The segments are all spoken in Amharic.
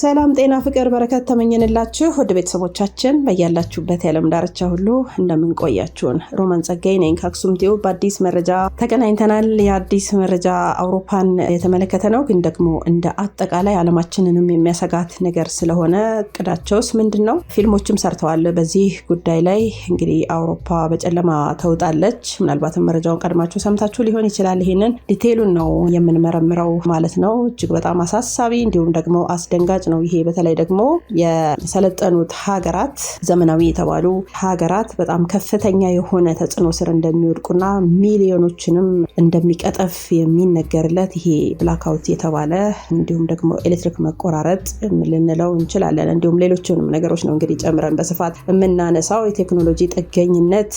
ሰላም ጤና ፍቅር በረከት ተመኘንላችሁ ወደ ቤተሰቦቻችን በያላችሁበት የዓለም ዳርቻ ሁሉ እንደምንቆያችሁን ሮማን ጸጋይ ነኝ ከአክሱም ቲዩብ በአዲስ መረጃ ተገናኝተናል። የአዲስ መረጃ አውሮፓን የተመለከተ ነው፣ ግን ደግሞ እንደ አጠቃላይ ዓለማችንንም የሚያሰጋት ነገር ስለሆነ እቅዳቸውስ ምንድን ነው? ፊልሞችም ሰርተዋል በዚህ ጉዳይ ላይ እንግዲህ አውሮፓ በጨለማ ተውጣለች። ምናልባትም መረጃውን ቀድማችሁ ሰምታችሁ ሊሆን ይችላል። ይህንን ዲቴሉን ነው የምንመረምረው ማለት ነው። እጅግ በጣም አሳሳቢ እንዲሁም ደግሞ አስደንጋጭ ነው። ይሄ በተለይ ደግሞ የሰለጠኑት ሀገራት ዘመናዊ የተባሉ ሀገራት በጣም ከፍተኛ የሆነ ተጽዕኖ ስር እንደሚወድቁና ሚሊዮኖችንም እንደሚቀጠፍ የሚነገርለት ይሄ ብላክአውት የተባለ እንዲሁም ደግሞ ኤሌክትሪክ መቆራረጥ ልንለው እንችላለን። እንዲሁም ሌሎችንም ነገሮች ነው እንግዲህ ጨምረን በስፋት የምናነሳው። የቴክኖሎጂ ጥገኝነት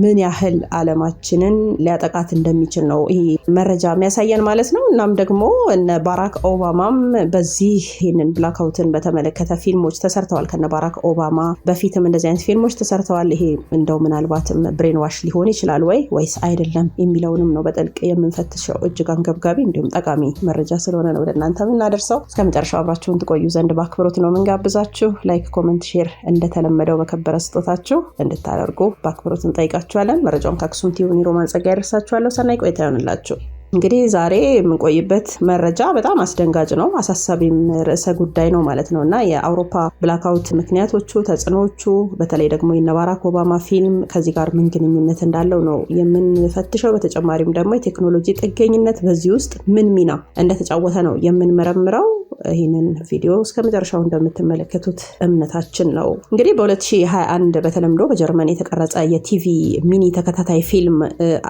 ምን ያህል አለማችንን ሊያጠቃት እንደሚችል ነው ይሄ መረጃ የሚያሳየን ማለት ነው። እናም ደግሞ እነ ባራክ ኦባማም በዚህ ይህንን ብላክ ያልካውትን በተመለከተ ፊልሞች ተሰርተዋል። ከነ ባራክ ኦባማ በፊትም እንደዚህ አይነት ፊልሞች ተሰርተዋል። ይሄ እንደው ምናልባትም ብሬን ዋሽ ሊሆን ይችላል ወይ ወይስ አይደለም የሚለውንም ነው በጥልቅ የምንፈትሸው። እጅግ አንገብጋቢ እንዲሁም ጠቃሚ መረጃ ስለሆነ ነው ወደ እናንተ የምናደርሰው። እስከ መጨረሻው አብራችሁን ትቆዩ ዘንድ በአክብሮት ነው የምንጋብዛችሁ። ላይክ፣ ኮመንት፣ ሼር እንደተለመደው በከበረ ስጦታችሁ እንድታደርጉ በአክብሮት እንጠይቃችኋለን። መረጃውን ከአክሱም ቲዩብ ኒሮማን ጸጋ ያደርሳችኋለሁ። ሰናይ ቆይታ ይሆንላችሁ። እንግዲህ ዛሬ የምንቆይበት መረጃ በጣም አስደንጋጭ ነው፣ አሳሳቢም ርዕሰ ጉዳይ ነው ማለት ነው እና የአውሮፓ ብላክአውት ምክንያቶቹ፣ ተጽዕኖዎቹ በተለይ ደግሞ የነባራክ ኦባማ ፊልም ከዚህ ጋር ምን ግንኙነት እንዳለው ነው የምንፈትሸው። በተጨማሪም ደግሞ የቴክኖሎጂ ጥገኝነት በዚህ ውስጥ ምን ሚና እንደተጫወተ ነው የምንመረምረው። ይህንን ቪዲዮ እስከ መጨረሻው እንደምትመለከቱት እምነታችን ነው። እንግዲህ በ2021 በተለምዶ በጀርመን የተቀረጸ የቲቪ ሚኒ ተከታታይ ፊልም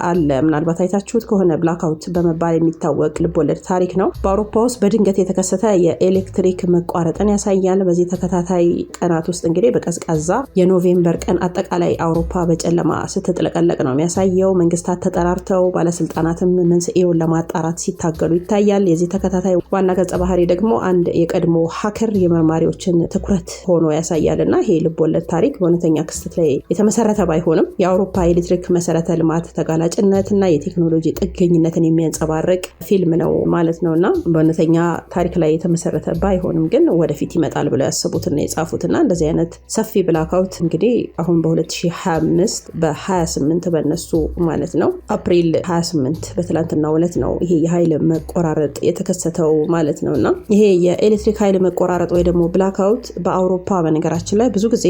አለ። ምናልባት አይታችሁት ከሆነ ብላክአውት በመባል የሚታወቅ ልቦለድ ታሪክ ነው። በአውሮፓ ውስጥ በድንገት የተከሰተ የኤሌክትሪክ መቋረጥን ያሳያል። በዚህ ተከታታይ ቀናት ውስጥ እንግዲህ በቀዝቃዛ የኖቬምበር ቀን አጠቃላይ አውሮፓ በጨለማ ስትጥለቀለቅ ነው የሚያሳየው። መንግስታት ተጠራርተው፣ ባለስልጣናትም መንስኤውን ለማጣራት ሲታገሉ ይታያል። የዚህ ተከታታይ ዋና ገጸ ባህሪ ደግሞ አንድ የቀድሞ ሀከር የመርማሪዎችን ትኩረት ሆኖ ያሳያል እና ይሄ ልቦለድ ታሪክ በእውነተኛ ክስተት ላይ የተመሰረተ ባይሆንም የአውሮፓ የኤሌክትሪክ መሰረተ ልማት ተጋላጭነት እና የቴክኖሎጂ ጥገኝነትን የሚያንጸባርቅ ፊልም ነው ማለት ነው እና በእውነተኛ ታሪክ ላይ የተመሰረተ ባይሆንም ግን ወደፊት ይመጣል ብለው ያስቡትና የጻፉትና እንደዚህ አይነት ሰፊ ብላካውት እንግዲህ አሁን በ2025 በ28 በነሱ ማለት ነው አፕሪል 28 በትላንትና እለት ነው ይሄ የኃይል መቆራረጥ የተከሰተው ማለት ነው እና ይሄ የኤሌክትሪክ ኃይል መቆራረጥ ወይ ደግሞ ብላካውት በአውሮፓ በነገራችን ላይ ብዙ ጊዜ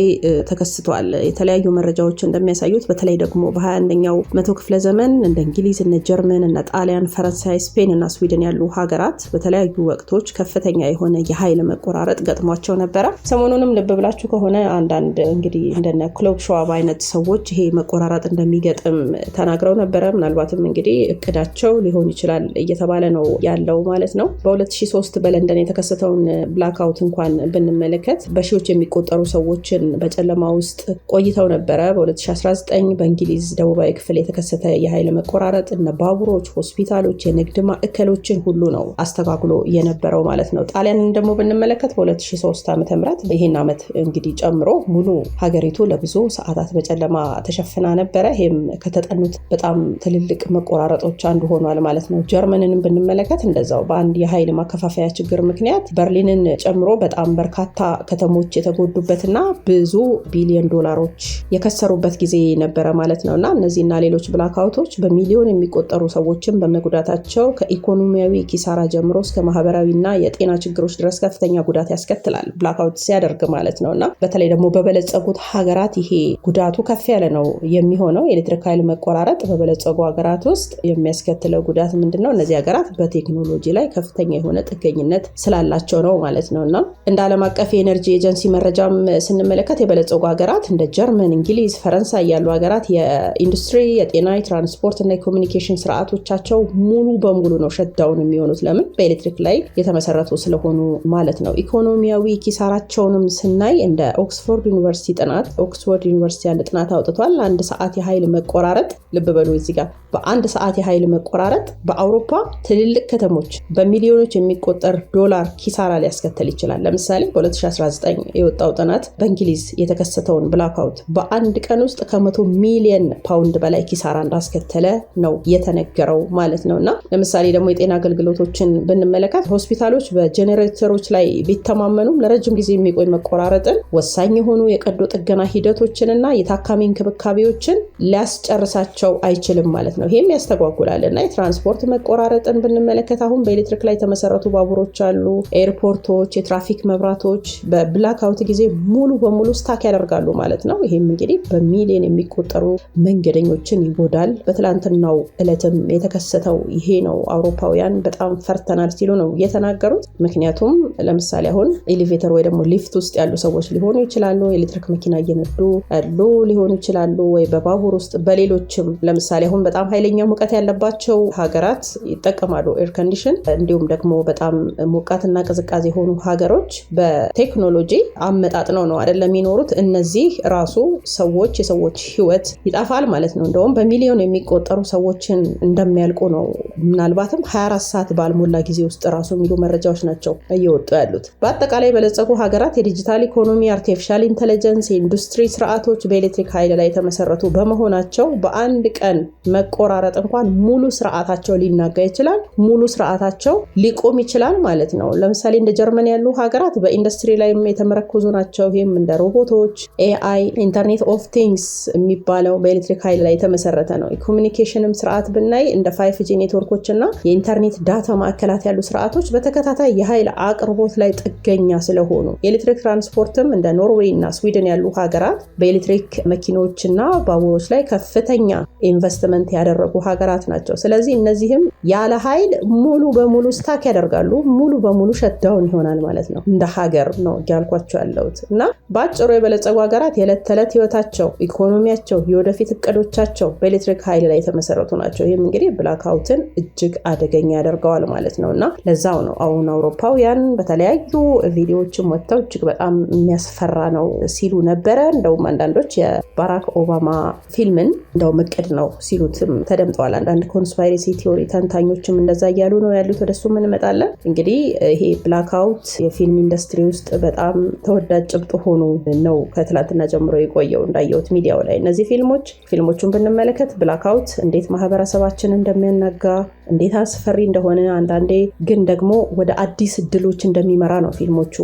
ተከስቷል። የተለያዩ መረጃዎች እንደሚያሳዩት በተለይ ደግሞ በ21ኛው መቶ ክፍለ ዘመን እንደ እንግሊዝ፣ እነ ጀርመን እና ጣሊያን ጣሊያን፣ ፈረንሳይ፣ ስፔን እና ስዊድን ያሉ ሀገራት በተለያዩ ወቅቶች ከፍተኛ የሆነ የኃይል መቆራረጥ ገጥሟቸው ነበረ። ሰሞኑንም ልብ ብላችሁ ከሆነ አንዳንድ እንግዲህ እንደነ ክሎብ ሸዋብ አይነት ሰዎች ይሄ መቆራረጥ እንደሚገጥም ተናግረው ነበረ። ምናልባትም እንግዲህ እቅዳቸው ሊሆን ይችላል እየተባለ ነው ያለው ማለት ነው። በ2003 በለንደን የተከሰተውን ብላክአውት እንኳን ብንመለከት በሺዎች የሚቆጠሩ ሰዎችን በጨለማ ውስጥ ቆይተው ነበረ። በ2019 በእንግሊዝ ደቡባዊ ክፍል የተከሰተ የኃይል መቆራረጥ እነ ባቡሮች፣ ሆስፒታል ሆስፒታሎች፣ የንግድ ማዕከሎችን ሁሉ ነው አስተካክሎ የነበረው ማለት ነው። ጣሊያንን ደግሞ ብንመለከት በ2003 ዓ ም ይህን ዓመት እንግዲህ ጨምሮ ሙሉ ሀገሪቱ ለብዙ ሰዓታት በጨለማ ተሸፍና ነበረ። ይህም ከተጠኑት በጣም ትልልቅ መቆራረጦች አንዱ ሆኗል ማለት ነው። ጀርመንንም ብንመለከት እንደዛው በአንድ የኃይል ማከፋፈያ ችግር ምክንያት በርሊንን ጨምሮ በጣም በርካታ ከተሞች የተጎዱበትና ብዙ ቢሊዮን ዶላሮች የከሰሩበት ጊዜ ነበረ ማለት ነው እና እነዚህና ሌሎች ብላክአውቶች በሚሊዮን የሚቆጠሩ ሰዎችን በመ መጉዳታቸው ከኢኮኖሚያዊ ኪሳራ ጀምሮ እስከ ማህበራዊና የጤና ችግሮች ድረስ ከፍተኛ ጉዳት ያስከትላል። ብላክአውት ሲያደርግ ማለት ነው እና በተለይ ደግሞ በበለጸጉት ሀገራት ይሄ ጉዳቱ ከፍ ያለ ነው የሚሆነው። የኤሌክትሪክ ኃይል መቆራረጥ በበለጸጉ ሀገራት ውስጥ የሚያስከትለው ጉዳት ምንድን ነው? እነዚህ ሀገራት በቴክኖሎጂ ላይ ከፍተኛ የሆነ ጥገኝነት ስላላቸው ነው ማለት ነው እና እንደ ዓለም አቀፍ የኤነርጂ ኤጀንሲ መረጃም ስንመለከት የበለጸጉ ሀገራት እንደ ጀርመን፣ እንግሊዝ፣ ፈረንሳይ ያሉ ሀገራት የኢንዱስትሪ፣ የጤና፣ የትራንስፖርት እና የኮሚኒኬሽን ስርዓቶቻቸው ሙሉ በሙሉ ነው ሸዳውን የሚሆኑት። ለምን በኤሌክትሪክ ላይ የተመሰረቱ ስለሆኑ ማለት ነው። ኢኮኖሚያዊ ኪሳራቸውንም ስናይ እንደ ኦክስፎርድ ዩኒቨርሲቲ ጥናት ኦክስፎርድ ዩኒቨርሲቲ አንድ ጥናት አውጥቷል። አንድ ሰዓት የኃይል መቆራረጥ ልብ በሉ እዚህ ጋር በአንድ ሰዓት የኃይል መቆራረጥ በአውሮፓ ትልልቅ ከተሞች በሚሊዮኖች የሚቆጠር ዶላር ኪሳራ ሊያስከተል ይችላል። ለምሳሌ በ2019 የወጣው ጥናት በእንግሊዝ የተከሰተውን ብላክአውት በአንድ ቀን ውስጥ ከመቶ ሚሊየን ፓውንድ በላይ ኪሳራ እንዳስከተለ ነው የተነገረው ማለት ማለት ነው እና ለምሳሌ ደግሞ የጤና አገልግሎቶችን ብንመለከት ሆስፒታሎች በጄኔሬተሮች ላይ ቢተማመኑም ለረጅም ጊዜ የሚቆይ መቆራረጥን፣ ወሳኝ የሆኑ የቀዶ ጥገና ሂደቶችን እና የታካሚ እንክብካቤዎችን ሊያስጨርሳቸው አይችልም ማለት ነው። ይህም ያስተጓጉላል እና የትራንስፖርት መቆራረጥን ብንመለከት አሁን በኤሌክትሪክ ላይ የተመሰረቱ ባቡሮች አሉ። ኤርፖርቶች፣ የትራፊክ መብራቶች በብላክአውት ጊዜ ሙሉ በሙሉ ስታክ ያደርጋሉ ማለት ነው። ይህም እንግዲህ በሚሊዮን የሚቆጠሩ መንገደኞችን ይጎዳል። በትላንትናው እለትም የተከሰተ እውነታው ይሄ ነው፣ አውሮፓውያን በጣም ፈርተናል ሲሉ ነው የተናገሩት። ምክንያቱም ለምሳሌ አሁን ኤሌቬተር ወይ ደግሞ ሊፍት ውስጥ ያሉ ሰዎች ሊሆኑ ይችላሉ፣ ኤሌክትሪክ መኪና እየነዱ ያሉ ሊሆኑ ይችላሉ፣ ወይ በባቡር ውስጥ በሌሎችም ለምሳሌ አሁን በጣም ኃይለኛ ሙቀት ያለባቸው ሀገራት ይጠቀማሉ ኤር ኮንዲሽን። እንዲሁም ደግሞ በጣም ሙቀትና ቅዝቃዜ የሆኑ ሀገሮች በቴክኖሎጂ አመጣጥነው ነው አይደለም የሚኖሩት። እነዚህ ራሱ ሰዎች የሰዎች ህይወት ይጠፋል ማለት ነው። እንደውም በሚሊዮን የሚቆጠሩ ሰዎችን እንደሚያልቁ ነው። ምናልባትም 24 ሰዓት ባልሞላ ጊዜ ውስጥ ራሱ የሚሉ መረጃዎች ናቸው እየወጡ ያሉት። በአጠቃላይ በለጸጉ ሀገራት የዲጂታል ኢኮኖሚ፣ አርቲፊሻል ኢንቴሊጀንስ፣ የኢንዱስትሪ ስርዓቶች በኤሌክትሪክ ኃይል ላይ የተመሰረቱ በመሆናቸው በአንድ ቀን መቆራረጥ እንኳን ሙሉ ስርዓታቸው ሊናጋ ይችላል፣ ሙሉ ስርዓታቸው ሊቆም ይችላል ማለት ነው። ለምሳሌ እንደ ጀርመን ያሉ ሀገራት በኢንዱስትሪ ላይም የተመረኮዙ ናቸው። ይህም እንደ ሮቦቶች፣ ኤአይ፣ ኢንተርኔት ኦፍ ቲንግስ የሚባለው በኤሌክትሪክ ኃይል ላይ የተመሰረተ ነው። የኮሚኒኬሽንም ስርዓት ብናይ እንደ የኤፍጂ ኔትወርኮች እና የኢንተርኔት ዳታ ማዕከላት ያሉ ስርዓቶች በተከታታይ የኃይል አቅርቦት ላይ ጥገኛ ስለሆኑ የኤሌክትሪክ ትራንስፖርትም እንደ ኖርዌይ እና ስዊድን ያሉ ሀገራት በኤሌክትሪክ መኪኖች እና ባቡሮች ላይ ከፍተኛ ኢንቨስትመንት ያደረጉ ሀገራት ናቸው። ስለዚህ እነዚህም ያለ ኃይል ሙሉ በሙሉ ስታክ ያደርጋሉ፣ ሙሉ በሙሉ ሸዳውን ይሆናል ማለት ነው። እንደ ሀገር ነው ያልኳቸው ያለሁት እና በአጭሩ የበለጸጉ ሀገራት የዕለት ተዕለት ህይወታቸው፣ ኢኮኖሚያቸው፣ የወደፊት እቅዶቻቸው በኤሌክትሪክ ኃይል ላይ የተመሰረቱ ናቸው። ይህም እንግዲህ ብላክ ብላክአውትን እጅግ አደገኛ ያደርገዋል ማለት ነው እና ለዛው ነው አሁን አውሮፓውያን በተለያዩ ቪዲዮዎችን ወጥተው እጅግ በጣም የሚያስፈራ ነው ሲሉ ነበረ። እንደውም አንዳንዶች የባራክ ኦባማ ፊልምን እንደውም እቅድ ነው ሲሉትም ተደምጠዋል። አንዳንድ ኮንስፓይሬሲ ቲዮሪ ተንታኞችም እንደዛ እያሉ ነው ያሉት። ወደሱ እንመጣለን። እንግዲህ ይሄ ብላክአውት የፊልም ኢንዱስትሪ ውስጥ በጣም ተወዳጅ ጭብጥ ሆኖ ነው ከትላንትና ጀምሮ የቆየው እንዳየሁት ሚዲያው ላይ እነዚህ ፊልሞች ፊልሞቹን ብንመለከት ብላክአውት እንዴት ማህበረሰባችን እንደሚያ नग्गा እንዴት አስፈሪ እንደሆነ አንዳንዴ ግን ደግሞ ወደ አዲስ እድሎች እንደሚመራ ነው ፊልሞቹ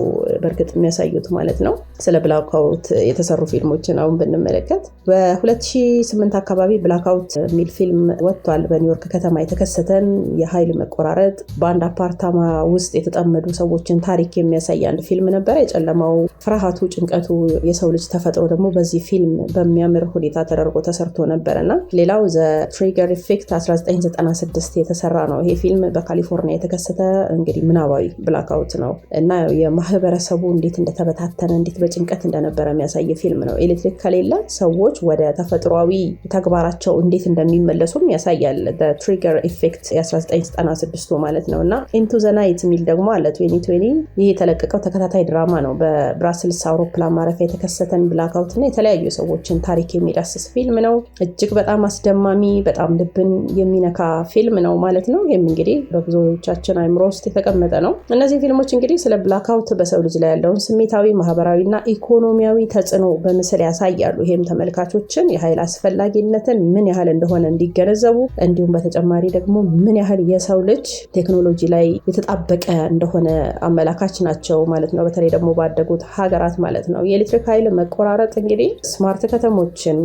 በእርግጥ የሚያሳዩት ማለት ነው። ስለ ብላክአውት የተሰሩ ፊልሞችን አሁን ብንመለከት በ2008 አካባቢ ብላክአውት የሚል ፊልም ወጥቷል። በኒውዮርክ ከተማ የተከሰተን የኃይል መቆራረጥ በአንድ አፓርታማ ውስጥ የተጠመዱ ሰዎችን ታሪክ የሚያሳይ አንድ ፊልም ነበረ። የጨለማው ፍርሃቱ፣ ጭንቀቱ የሰው ልጅ ተፈጥሮ ደግሞ በዚህ ፊልም በሚያምር ሁኔታ ተደርጎ ተሰርቶ ነበረና ሌላው ዘ ትሪገር ኢፌክት 1996 የተሰራ ነው። ይሄ ፊልም በካሊፎርኒያ የተከሰተ እንግዲህ ምናባዊ ብላክአውት ነው እና የማህበረሰቡ እንዴት እንደተበታተነ እንዴት በጭንቀት እንደነበረ የሚያሳይ ፊልም ነው። ኤሌክትሪክ ከሌለ ሰዎች ወደ ተፈጥሯዊ ተግባራቸው እንዴት እንደሚመለሱም ያሳያል። ትሪገር ኢፌክት የ1996 ማለት ነው እና ኢንቱ ዘ ናይት የሚል ደግሞ አለ 2020 ይህ የተለቀቀው ተከታታይ ድራማ ነው። በብራስልስ አውሮፕላን ማረፊያ የተከሰተን ብላክአውት እና የተለያዩ ሰዎችን ታሪክ የሚዳስስ ፊልም ነው። እጅግ በጣም አስደማሚ፣ በጣም ልብን የሚነካ ፊልም ነው ማለት ነው። ይህም እንግዲህ በብዙዎቻችን አይምሮ ውስጥ የተቀመጠ ነው። እነዚህ ፊልሞች እንግዲህ ስለ ብላክአውት በሰው ልጅ ላይ ያለውን ስሜታዊ፣ ማህበራዊ ና ኢኮኖሚያዊ ተጽዕኖ በምስል ያሳያሉ። ይህም ተመልካቾችን የኃይል አስፈላጊነትን ምን ያህል እንደሆነ እንዲገነዘቡ እንዲሁም በተጨማሪ ደግሞ ምን ያህል የሰው ልጅ ቴክኖሎጂ ላይ የተጣበቀ እንደሆነ አመላካች ናቸው ማለት ነው። በተለይ ደግሞ ባደጉት ሀገራት ማለት ነው። የኤሌክትሪክ ኃይል መቆራረጥ እንግዲህ ስማርት ከተሞችን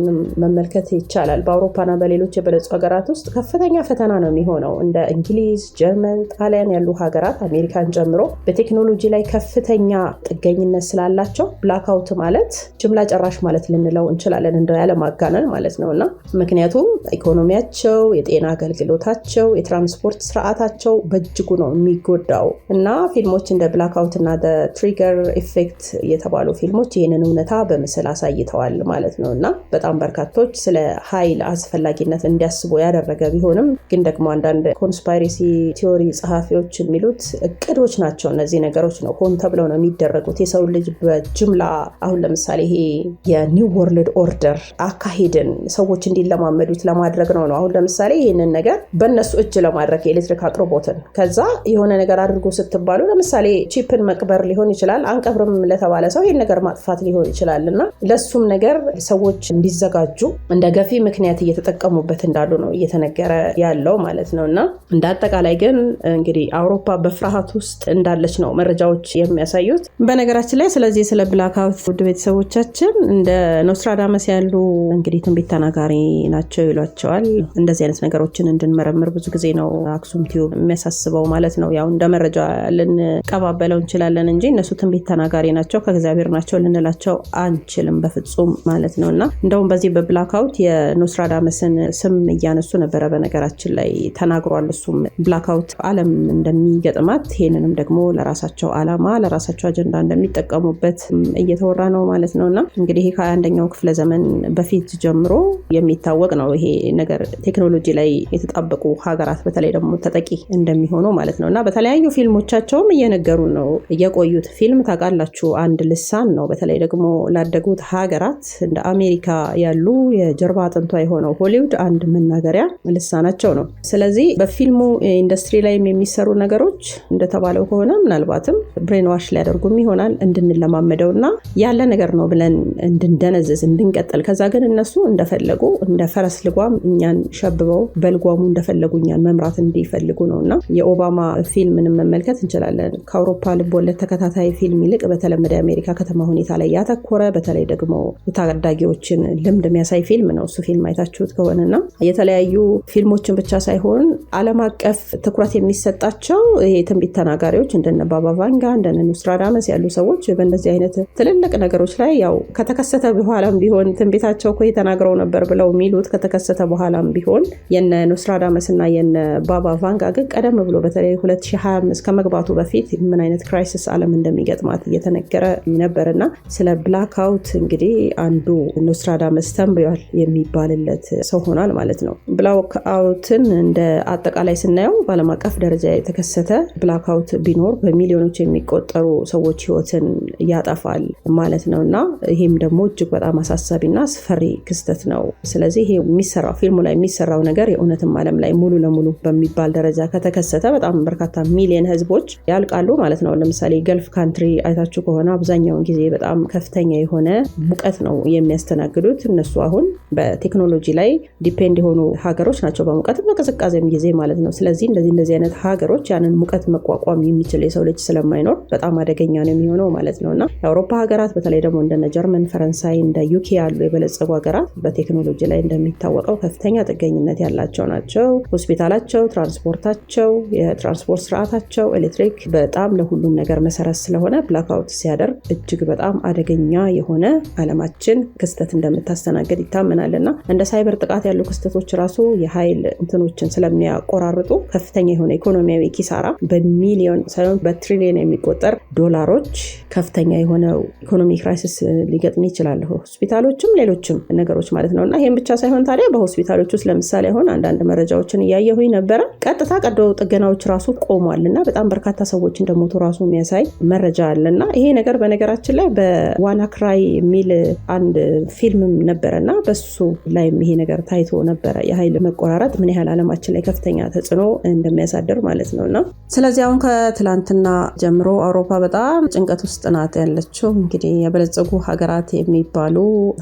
መመልከት ይቻላል። በአውሮፓና በሌሎች የበለጹ ሀገራት ውስጥ ከፍተኛ ፈተና ነው የሚሆነው ነው። እንደ እንግሊዝ፣ ጀርመን፣ ጣሊያን ያሉ ሀገራት አሜሪካን ጨምሮ በቴክኖሎጂ ላይ ከፍተኛ ጥገኝነት ስላላቸው ብላክአውት ማለት ጅምላ ጨራሽ ማለት ልንለው እንችላለን፣ እንደ ያለማጋነን ማለት ነው እና ምክንያቱም ኢኮኖሚያቸው፣ የጤና አገልግሎታቸው፣ የትራንስፖርት ስርዓታቸው በእጅጉ ነው የሚጎዳው እና ፊልሞች እንደ ብላክአውት እና ትሪገር ኢፌክት የተባሉ ፊልሞች ይህንን እውነታ በምስል አሳይተዋል ማለት ነው እና በጣም በርካቶች ስለ ኃይል አስፈላጊነት እንዲያስቡ ያደረገ ቢሆንም ግን ደግሞ አንዳንድ አንዳንድ ኮንስፓይሬሲ ቲዮሪ ጸሐፊዎች የሚሉት እቅዶች ናቸው። እነዚህ ነገሮች ነው ሆን ተብለው ነው የሚደረጉት። የሰው ልጅ በጅምላ አሁን ለምሳሌ ይሄ የኒው ወርልድ ኦርደር አካሄድን ሰዎች እንዲለማመዱት ለማድረግ ነው ነው አሁን ለምሳሌ ይህንን ነገር በእነሱ እጅ ለማድረግ የኤሌክትሪክ አቅርቦትን ከዛ የሆነ ነገር አድርጎ ስትባሉ ለምሳሌ ቺፕን መቅበር ሊሆን ይችላል። አንቀብርም ለተባለ ሰው ይህን ነገር ማጥፋት ሊሆን ይችላል እና ለሱም ነገር ሰዎች እንዲዘጋጁ እንደ ገፊ ምክንያት እየተጠቀሙበት እንዳሉ ነው እየተነገረ ያለው ማለት ነው። እና እንደ አጠቃላይ ግን እንግዲህ አውሮፓ በፍርሃት ውስጥ እንዳለች ነው መረጃዎች የሚያሳዩት። በነገራችን ላይ ስለዚህ ስለ ብላክአውት ውድ ቤተሰቦቻችን እንደ ኖስትራዳመስ ያሉ እንግዲህ ትንቢት ተናጋሪ ናቸው ይሏቸዋል። እንደዚህ አይነት ነገሮችን እንድንመረምር ብዙ ጊዜ ነው አክሱም ቲዩብ የሚያሳስበው ማለት ነው። ያው እንደ መረጃ ልንቀባበለው እንችላለን እንጂ እነሱ ትንቢት ተናጋሪ ናቸው ከእግዚአብሔር ናቸው ልንላቸው አንችልም በፍጹም ማለት ነው። እና እንደውም በዚህ በብላክአውት የኖስትራዳመስን ስም እያነሱ ነበረ በነገራችን ላይ ተናግሯል። እሱም ብላክአውት አለም እንደሚገጥማት ይሄንንም ደግሞ ለራሳቸው አላማ ለራሳቸው አጀንዳ እንደሚጠቀሙበት እየተወራ ነው ማለት ነው እና እንግዲህ ይሄ ከአንደኛው ክፍለ ዘመን በፊት ጀምሮ የሚታወቅ ነው ይሄ ነገር ቴክኖሎጂ ላይ የተጣበቁ ሀገራት በተለይ ደግሞ ተጠቂ እንደሚሆኑ ማለት ነው እና በተለያዩ ፊልሞቻቸውም እየነገሩ ነው የቆዩት። ፊልም ታውቃላችሁ፣ አንድ ልሳን ነው። በተለይ ደግሞ ላደጉት ሀገራት እንደ አሜሪካ ያሉ የጀርባ አጥንቷ የሆነው ሆሊውድ አንድ መናገሪያ ልሳናቸው ነው። ስለዚህ ጊዜ በፊልሙ ኢንዱስትሪ ላይም የሚሰሩ ነገሮች እንደተባለው ከሆነ ምናልባትም ብሬንዋሽ ሊያደርጉም ይሆናል እንድንለማመደው እና ያለ ነገር ነው ብለን እንድንደነዝዝ እንድንቀጥል። ከዛ ግን እነሱ እንደፈለጉ እንደ ፈረስ ልጓም እኛን ሸብበው በልጓሙ እንደፈለጉ እኛን መምራት እንዲፈልጉ ነው እና የኦባማ ፊልምን መመልከት እንችላለን። ከአውሮፓ ልቦለድ ተከታታይ ፊልም ይልቅ በተለመደ የአሜሪካ ከተማ ሁኔታ ላይ ያተኮረ በተለይ ደግሞ የታዳጊዎችን ልምድ የሚያሳይ ፊልም ነው። እሱ ፊልም አይታችሁት ከሆነና የተለያዩ ፊልሞችን ብቻ ሳይሆን ዓለም አቀፍ ትኩረት የሚሰጣቸው የትንቢት ተናጋሪዎች እንደነ ባባ ቫንጋ እንደነ ኑስትራዳመስ ያሉ ሰዎች በእነዚህ አይነት ትልልቅ ነገሮች ላይ ያው ከተከሰተ በኋላም ቢሆን ትንቢታቸው እኮ ተናግረው ነበር ብለው የሚሉት ከተከሰተ በኋላም ቢሆን የነ ኑስትራዳመስ እና የነ ባባ ቫንጋ ግን ቀደም ብሎ በተለይ 2025 ከመግባቱ በፊት ምን አይነት ክራይሲስ ዓለም እንደሚገጥማት እየተነገረ ነበር እና ስለ ብላክአውት እንግዲህ አንዱ ኖስትራዳመስ ተንብዋል የሚባልለት ሰው ሆኗል ማለት ነው። ብላክ አውትን እንደ አጠቃላይ ስናየው በዓለም አቀፍ ደረጃ የተከሰተ ብላክአውት ቢኖር በሚሊዮኖች የሚቆጠሩ ሰዎች ህይወትን ያጠፋል ማለት ነው እና ይህም ደግሞ እጅግ በጣም አሳሳቢና አስፈሪ ክስተት ነው። ስለዚህ ይሄ የሚሰራው ፊልሙ ላይ የሚሰራው ነገር የእውነትም ዓለም ላይ ሙሉ ለሙሉ በሚባል ደረጃ ከተከሰተ በጣም በርካታ ሚሊየን ህዝቦች ያልቃሉ ማለት ነው። ለምሳሌ ገልፍ ካንትሪ አይታችሁ ከሆነ አብዛኛውን ጊዜ በጣም ከፍተኛ የሆነ ሙቀት ነው የሚያስተናግዱት። እነሱ አሁን በቴክኖሎጂ ላይ ዲፔንድ የሆኑ ሀገሮች ናቸው በሙቀት በቅዝቃዜ ጊዜ ማለት ነው። ስለዚህ እንደዚህ እንደዚህ አይነት ሀገሮች ያንን ሙቀት መቋቋም የሚችል የሰው ልጅ ስለማይኖር በጣም አደገኛ ነው የሚሆነው ማለት ነው እና የአውሮፓ ሀገራት በተለይ ደግሞ እንደነ ጀርመን፣ ፈረንሳይ፣ እንደ ዩኬ ያሉ የበለጸጉ ሀገራት በቴክኖሎጂ ላይ እንደሚታወቀው ከፍተኛ ጥገኝነት ያላቸው ናቸው። ሆስፒታላቸው፣ ትራንስፖርታቸው፣ የትራንስፖርት ስርዓታቸው፣ ኤሌክትሪክ በጣም ለሁሉም ነገር መሰረት ስለሆነ ብላክአውት ሲያደርግ እጅግ በጣም አደገኛ የሆነ አለማችን ክስተት እንደምታስተናግድ ይታመናል እና እንደ ሳይበር ጥቃት ያሉ ክስተቶች ራሱ የሀይል እንትኖችን ስለሚ የሚያቆራርጡ ከፍተኛ የሆነ ኢኮኖሚያዊ ኪሳራ በሚሊዮን ሳይሆን በትሪሊዮን የሚቆጠር ዶላሮች ከፍተኛ የሆነ ኢኮኖሚ ክራይሲስ ሊገጥም ይችላል። ሆስፒታሎችም ሌሎችም ነገሮች ማለት ነው እና ይህም ብቻ ሳይሆን ታዲያ በሆስፒታሎች ውስጥ ለምሳሌ አሁን አንዳንድ መረጃዎችን እያየሁኝ ነበረ። ቀጥታ ቀዶ ጥገናዎች ራሱ ቆሟል እና በጣም በርካታ ሰዎች እንደሞቱ ራሱ የሚያሳይ መረጃ አለ እና ይሄ ነገር በነገራችን ላይ በዋና ክራይ የሚል አንድ ፊልምም ነበረ እና በሱ ላይም ይሄ ነገር ታይቶ ነበረ። የኃይል መቆራረጥ ምን ያህል ዓለማችን ላይ ከፍተኛ ተጽዕኖ እንደሚያሳድር ማለት ነው እና ስለዚህ አሁን ከትላንትና ጀምሮ አውሮፓ በጣም ጭንቀት ውስጥ ናት ያለችው። እንግዲህ የበለጸጉ ሀገራት የሚባሉ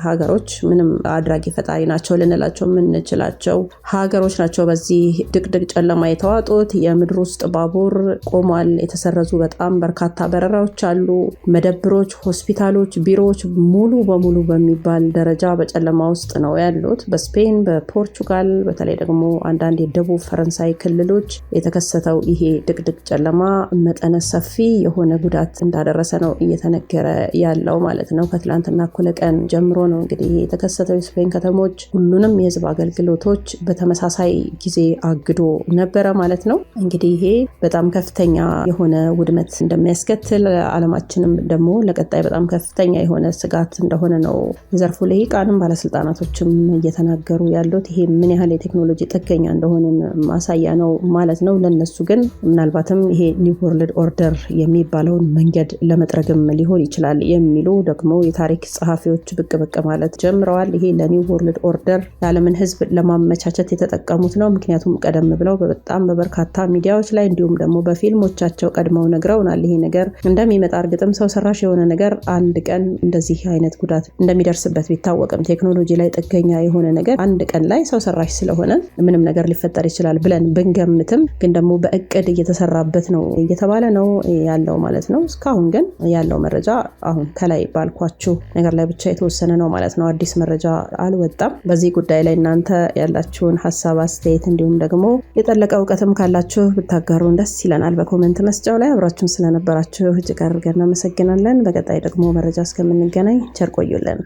ሀገሮች ምንም አድራጊ ፈጣሪ ናቸው ልንላቸው የምንችላቸው ሀገሮች ናቸው። በዚህ ድቅድቅ ጨለማ የተዋጡት የምድር ውስጥ ባቡር ቆሟል። የተሰረዙ በጣም በርካታ በረራዎች አሉ። መደብሮች፣ ሆስፒታሎች፣ ቢሮዎች ሙሉ በሙሉ በሚባል ደረጃ በጨለማ ውስጥ ነው ያሉት። በስፔን፣ በፖርቹጋል በተለይ ደግሞ አንዳንድ የደቡብ ፈረንሳይ ክልሎች የተከሰተው ይሄ ድቅድቅ ጨለማ መጠነ ሰፊ የሆነ ጉዳት እንዳደረሰ ነው እየተነገረ ያለው ማለት ነው። ከትላንትና እኩለ ቀን ጀምሮ ነው እንግዲህ የተከሰተው። የስፔን ከተሞች ሁሉንም የህዝብ አገልግሎቶች በተመሳሳይ ጊዜ አግዶ ነበረ ማለት ነው። እንግዲህ ይሄ በጣም ከፍተኛ የሆነ ውድመት እንደሚያስከትል አለማችንም ደግሞ ለቀጣይ በጣም ከፍተኛ የሆነ ስጋት እንደሆነ ነው የዘርፉ ልሂቃንም ባለስልጣናቶችም እየተናገሩ ያሉት። ይሄ ምን ያህል የቴክኖሎጂ ጥገኛ እንደሆነ ማሳያ ነው ማለት ነው። ለነሱ ግን ምናልባትም ይሄ ኒው ወርልድ ኦርደር የሚባለውን መንገድ ለመጥረግም ሊሆን ይችላል የሚሉ ደግሞ የታሪክ ጸሐፊዎች ብቅ ብቅ ማለት ጀምረዋል። ይሄ ለኒው ወርልድ ኦርደር የዓለምን ሕዝብ ለማመቻቸት የተጠቀሙት ነው። ምክንያቱም ቀደም ብለው በጣም በበርካታ ሚዲያዎች ላይ እንዲሁም ደግሞ በፊልሞቻቸው ቀድመው ነግረውናል። ይሄ ነገር እንደሚመጣ እርግጥም ሰው ሰራሽ የሆነ ነገር አንድ ቀን እንደዚህ አይነት ጉዳት እንደሚደርስበት ቢታወቅም ቴክኖሎጂ ላይ ጥገኛ የሆነ ነገር አንድ ቀን ላይ ሰው ሰራሽ ስለሆነ ምንም ነገር ሊፈጠር ይችላል ብለን ብንገምትም ግን ደግሞ በእቅድ እየተሰራበት ነው እየተባለ ነው ያለው ማለት ነው። እስካሁን ግን ያለው መረጃ አሁን ከላይ ባልኳችሁ ነገር ላይ ብቻ የተወሰነ ነው ማለት ነው። አዲስ መረጃ አልወጣም። በዚህ ጉዳይ ላይ እናንተ ያላችሁን ሀሳብ፣ አስተያየት እንዲሁም ደግሞ የጠለቀ እውቀትም ካላችሁ ብታጋሩን ደስ ይለናል። በኮመንት መስጫው ላይ አብራችሁን ስለነበራችሁ እጅግ አድርገን እናመሰግናለን። በቀጣይ ደግሞ መረጃ እስከምንገናኝ ቸር ቆዩልን።